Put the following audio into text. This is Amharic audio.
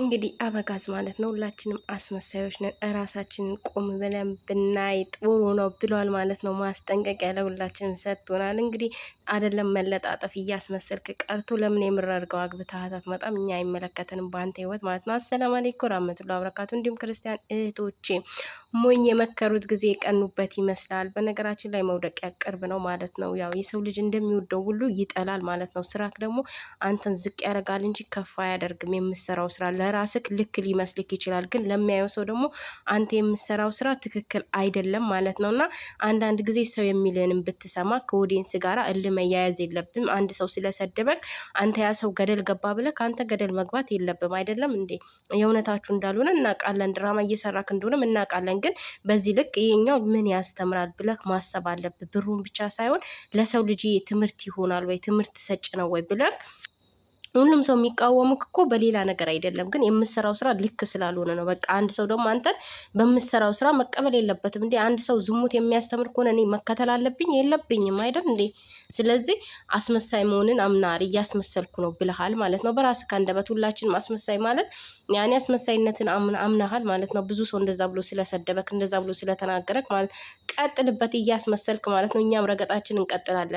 እንግዲህ አበጋዝ ማለት ነው። ሁላችንም አስመሳዮች ነን፣ እራሳችንን ቆም ብለን ብናይ ጥሩ ነው ብሏል ማለት ነው። ማስጠንቀቂያ ለሁላችንም ሰጥቶናል። እንግዲህ አይደለም መለጣጠፍ እያስመሰልክ ቀርቶ ለምን የምራርገው አግብተሃት መጣም እኛ አይመለከተንም በአንተ ህይወት ማለት ነው። አሰላም አለይኩም ወራህመቱላሂ ወበረካቱ። እንዲሁም ክርስቲያን እህቶቼ ሞኝ የመከሩት ጊዜ የቀኑበት ይመስላል። በነገራችን ላይ መውደቂያ ቅርብ ነው ማለት ነው። ያው የሰው ልጅ እንደሚወደው ሁሉ ይጠላል ማለት ነው። ስራክ ደግሞ አንተን ዝቅ ያደርጋል እንጂ ከፍ አያደርግም። የምሰራው ስራ በራስክ ልክ ሊመስልክ ይችላል፣ ግን ለሚያየው ሰው ደግሞ አንተ የምሰራው ስራ ትክክል አይደለም ማለት ነው። እና አንዳንድ ጊዜ ሰው የሚልህንም ብትሰማ ከኦዲየንስ ጋር እልህ መያያዝ የለብም። አንድ ሰው ስለሰደበክ አንተ ያ ሰው ገደል ገባ ብለ አንተ ገደል መግባት የለብም። አይደለም እንዴ? የእውነታችሁ እንዳልሆነ እናውቃለን። ድራማ እየሰራክ እንደሆነም እናውቃለን። ግን በዚህ ልክ ይሄኛው ምን ያስተምራል ብለህ ማሰብ አለብህ። ብሩን ብቻ ሳይሆን ለሰው ልጅ ትምህርት ይሆናል ወይ ትምህርት ሰጭ ነው ወይ ብለህ ሁሉም ሰው የሚቃወሙክ እኮ በሌላ ነገር አይደለም፣ ግን የምሰራው ስራ ልክ ስላልሆነ ነው። በቃ አንድ ሰው ደግሞ አንተን በምሰራው ስራ መቀበል የለበትም እንዲ አንድ ሰው ዝሙት የሚያስተምር ከሆነ እኔ መከተል አለብኝ የለብኝም አይደል እንዴ? ስለዚህ አስመሳይ መሆንን አምናር እያስመሰልኩ ነው ብልሃል ማለት ነው። በራስ ከአንደበት ሁላችንም አስመሳይ ማለት ያኔ አስመሳይነትን አምናሃል ማለት ነው። ብዙ ሰው እንደዛ ብሎ ስለሰደበክ እንደዛ ብሎ ስለተናገረክ ማለት ቀጥልበት እያስመሰልክ ማለት ነው። እኛም ረገጣችን እንቀጥላለን።